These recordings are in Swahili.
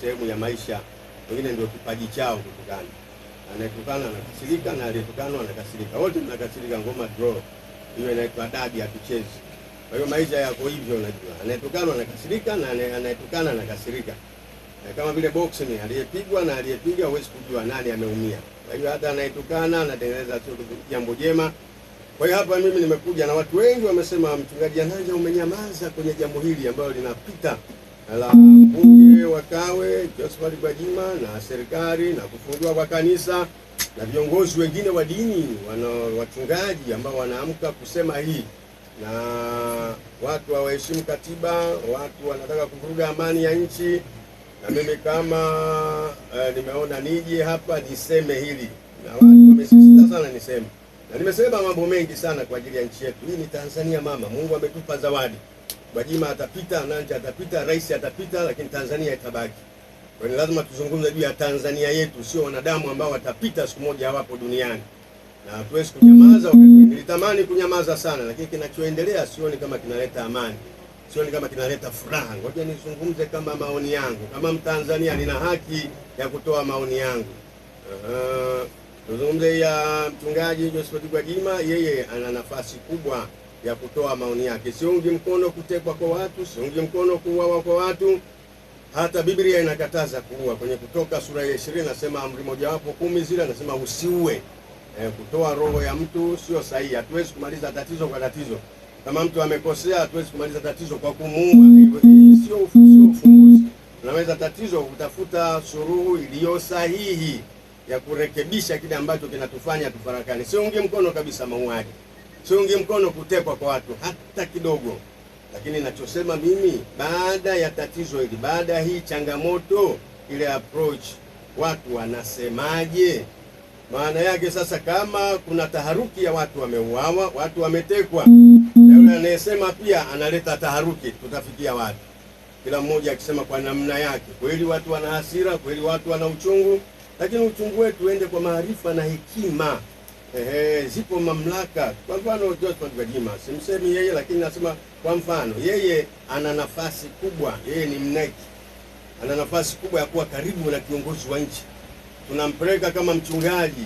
sehemu ya maisha, wengine ndio kipaji chao kutukana. Anayetukana anakasirika na aliyetukanwa anakasirika, wote mnakasirika. Ngoma draw hiyo inaitwa adabu, hatuchezi. Kwa hiyo maisha yako hivyo, unajua, anayetukanwa anakasirika na anayetukana anakasirika, eh, kama vile boxing, aliyepigwa na aliyepiga, huwezi kujua nani ameumia. Kwa hiyo hata anayetukana anatengeneza sio jambo jema. Kwa hiyo hapa mimi nimekuja na watu wengi wamesema, mchungaji Hananja, umenyamaza kwenye jambo hili ambalo linapita la mbunge wa Kawe Josephat Gwajima na serikali na kufungiwa kwa kanisa na viongozi wengine wa dini wana wachungaji ambao wanaamka kusema hii, na watu hawaheshimu katiba, watu wanataka kuvuruga amani ya nchi. Na mimi kama e, nimeona nije hapa niseme hili, na watu wamesisitiza sana niseme, na nimesema mambo mengi sana kwa ajili ya nchi yetu hii. Ni Tanzania mama, Mungu ametupa zawadi Gwajima atapita, Nanja atapita, rais atapita, lakini Tanzania itabaki. Kwa hiyo lazima tuzungumze juu ya Tanzania yetu, sio wanadamu ambao watapita siku moja hawapo duniani, na hatuwezi kunyamaza. Nilitamani kunyamaza sana, lakini kinachoendelea sioni kama kinaleta amani, sioni kama kinaleta furaha. Ngoja nizungumze kama maoni yangu, kama Mtanzania nina haki ya kutoa maoni yangu. Uh-huh. Tuzungumze ya mchungaji Joseph Gwajima, yeye ana nafasi kubwa ya kutoa maoni yake. Siungi mkono kutekwa kwa watu, siungi mkono kuuawa kwa watu. Hata Biblia inakataza kuua. Kwenye Kutoka sura ya ishirini nasema amri mojawapo kumi zile nasema usiue. E, kutoa roho ya mtu sio sahihi. Hatuwezi kumaliza tatizo kwa tatizo. Kama mtu amekosea, hatuwezi kumaliza tatizo kwa kumuua. Sio ufunguzi. Tunaweza tatizo kutafuta suruhu iliyo sahihi ya kurekebisha kile ambacho kinatufanya tufarakane. Siungi mkono kabisa mauaji siungi mkono kutekwa kwa watu hata kidogo, lakini nachosema mimi, baada ya tatizo hili, baada ya hii changamoto, ile approach watu wanasemaje? Maana yake sasa, kama kuna taharuki ya watu wameuawa, watu wametekwa, na yule anayesema pia analeta taharuki, tutafikia watu Kila mmoja akisema kwa namna yake. Kweli watu wana hasira, kweli watu wana uchungu, lakini uchungu wetu uende kwa maarifa na hekima. Ehe, zipo mamlaka. Kwa mfano Josephat Gwajima, simsemi yeye, lakini nasema kwa mfano yeye ana nafasi kubwa, yeye ni mneki, ana nafasi kubwa ya kuwa karibu na kiongozi wa nchi. Tunampeleka kama mchungaji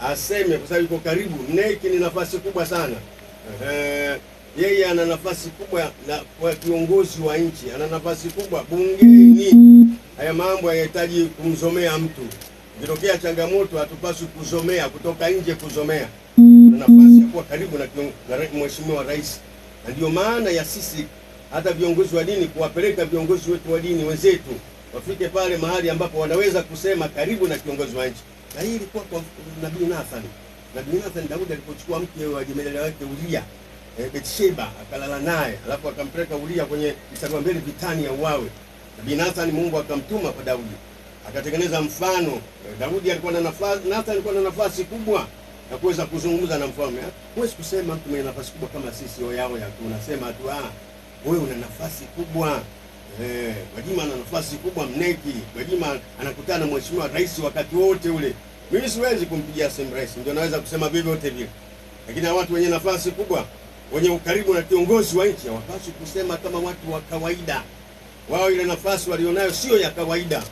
aseme, kwa sababu yuko karibu. Mneki ni nafasi kubwa sana. Ehe, yeye ana nafasi kubwa na kwa kiongozi wa nchi, ana nafasi kubwa bungeni. Haya mambo hayahitaji kumzomea mtu kitokea changamoto, hatupaswi kuzomea kutoka nje, kuzomea na nafasi ya kuwa karibu na mheshimiwa rais, na ndio maana ya sisi hata viongozi wa dini kuwapeleka viongozi wetu wa dini wenzetu wafike pale mahali ambapo wanaweza kusema karibu na kiongozi wa nchi, na hii ilikuwa kwa Nabii Nathan. Nabii Nathan Daudi alipochukua mke wa jemadari wake Uria e, eh, Betsheba akalala naye, alafu akampeleka Uria kwenye mstari wa mbele vitani ya uawe. Nabii Nathan Mungu akamtuma kwa Daudi akatengeneza mfano. Daudi alikuwa na nafasi, Nathan alikuwa na nafasi kubwa ya kuweza kuzungumza na mfalme. Huwezi kusema mtu mwenye nafasi kubwa kama sisi oyao ya tu, unasema tu ah, wewe una nafasi kubwa eh. Gwajima ana nafasi kubwa mneki. Gwajima anakutana mheshimiwa rais wakati wote ule. Mimi siwezi kumpigia simu rais, ndio naweza kusema vyovyote vile, lakini watu wenye nafasi kubwa wenye ukaribu na kiongozi wa nchi hawapaswi kusema kama watu wa kawaida. Wao ile nafasi walionayo sio ya kawaida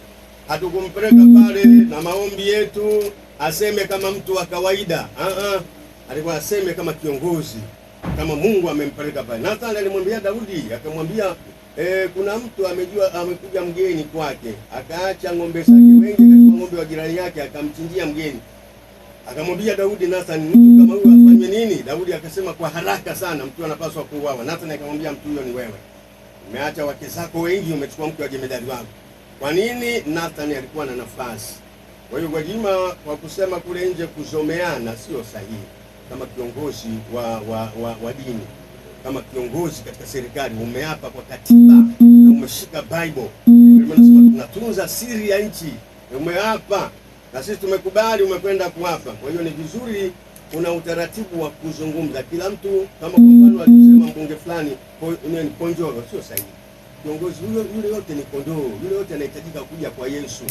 hatukumpeleka mm. pale na maombi yetu aseme kama mtu wa kawaida uh-uh. Alikuwa aseme kama kiongozi, kama Mungu amempeleka pale. Nathani alimwambia Daudi, akamwambia e, kuna mtu amejua amekuja mgeni kwake, akaacha ng'ombe zake mm. wengi katika ng'ombe wa jirani yake, akamchinjia mgeni. Akamwambia Daudi, Nathani, mtu kama huyu afanye nini? Daudi akasema kwa haraka sana, mtu anapaswa kuuawa. Nathani akamwambia, mtu huyo ni wewe, umeacha wake zako wengi, umechukua mke wa jemedari wangu kwa nini Nathan alikuwa na nafasi? Kwa hiyo Gwajima kwa kusema kule nje kuzomeana sio sahihi, kama kiongozi wa, wa, wa, wa dini, kama kiongozi katika serikali, umeapa kwa katiba na umeshika Bible, nasema tunatunza siri ya nchi, umeapa na sisi tumekubali, umekwenda kuapa. Kwa hiyo ni vizuri kuna utaratibu wa kuzungumza kila mtu, kama kwa mfano alisema mbunge fulani ni Ponjoro, sio sahihi kiongozi huyo yule yote ni kondoo, yule yote anahitajika kuja kwa Yesu.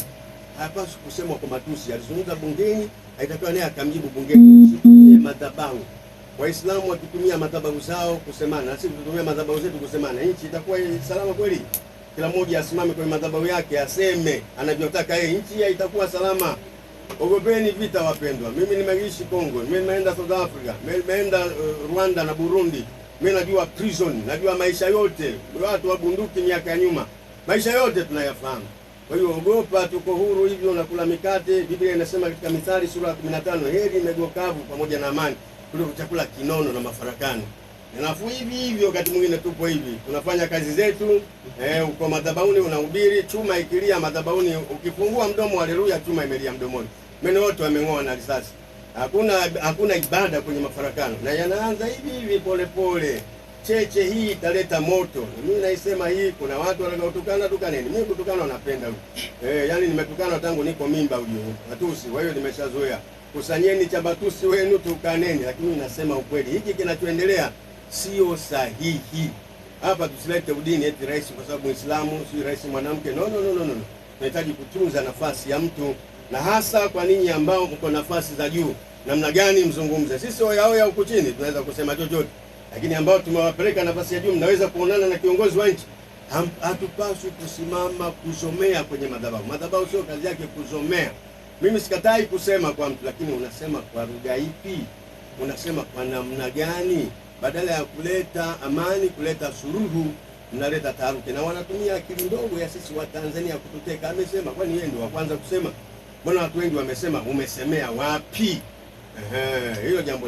Hapaswi kusemwa kwa matusi. Alizungumza bungeni, aitakiwa naye akamjibu bungeni. Usitumie madhabahu. Waislamu wakitumia madhabahu zao kusemana, sisi tutumia madhabahu zetu kusemana, nchi itakuwa salama kweli? Kila mmoja asimame kwenye madhabahu yake aseme anavyotaka yeye, nchi itakuwa salama. Ogopeni vita, wapendwa. Mimi nimeishi Kongo, mimi nimeenda South Africa, nimeenda uh, Rwanda na Burundi. Mimi najua prison, najua maisha yote, watu wa bunduki miaka ya nyuma, maisha yote tunayafahamu. Kwa hiyo ogopa, tuko huru hivyo, unakula mikate. Biblia inasema katika Mithali sura ya 15, heri mego kavu pamoja na amani kuliko chakula kinono na mafarakano. Nafuu hivi hivyo, wakati mwingine tupo hivi, tunafanya kazi zetu eh, uko madhabahuni unahubiri, chuma ikilia madhabahuni, ukifungua mdomo haleluya, chuma imelia mdomoni, meno yote wameng'oa na risasi hakuna hakuna ibada kwenye mafarakano, na yanaanza hivi hivi polepole. Cheche hii italeta moto. Mimi naisema hii, kuna watu wanaotukana tukaneni. Mimi kutukana napenda eh, yani nimetukana tangu niko mimba ujue matusi, kwa hiyo nimeshazoea. Kusanyeni cha matusi wenu, tukaneni, lakini nasema ukweli, hiki kinachoendelea sio sahihi. Hapa tusilete udini eti rais kwa sababu Muislamu si rais mwanamke. No, no, no, no, no. Tunahitaji kutunza nafasi ya mtu na hasa kwa ninyi ambao mko nafasi za juu namna gani mzungumze. Sisi oya huku chini tunaweza kusema chochote, lakini ambao tumewapeleka nafasi ya juu, mnaweza kuonana na kiongozi wa nchi. Hatupaswi kusimama kuzomea kwenye madhabahu. Madhabahu sio kazi yake kuzomea. Mimi sikatai kusema kwa mtu, lakini unasema kwa lugha ipi? Unasema kwa namna gani? Badala ya kuleta amani, kuleta suluhu, mnaleta taharuki, na wanatumia akili ndogo ya sisi wa Tanzania kututeka. Amesema, kwani yeye ndio wa kwanza kusema? Mbona watu wengi wamesema? Umesemea wapi? Ehe, hilo jambo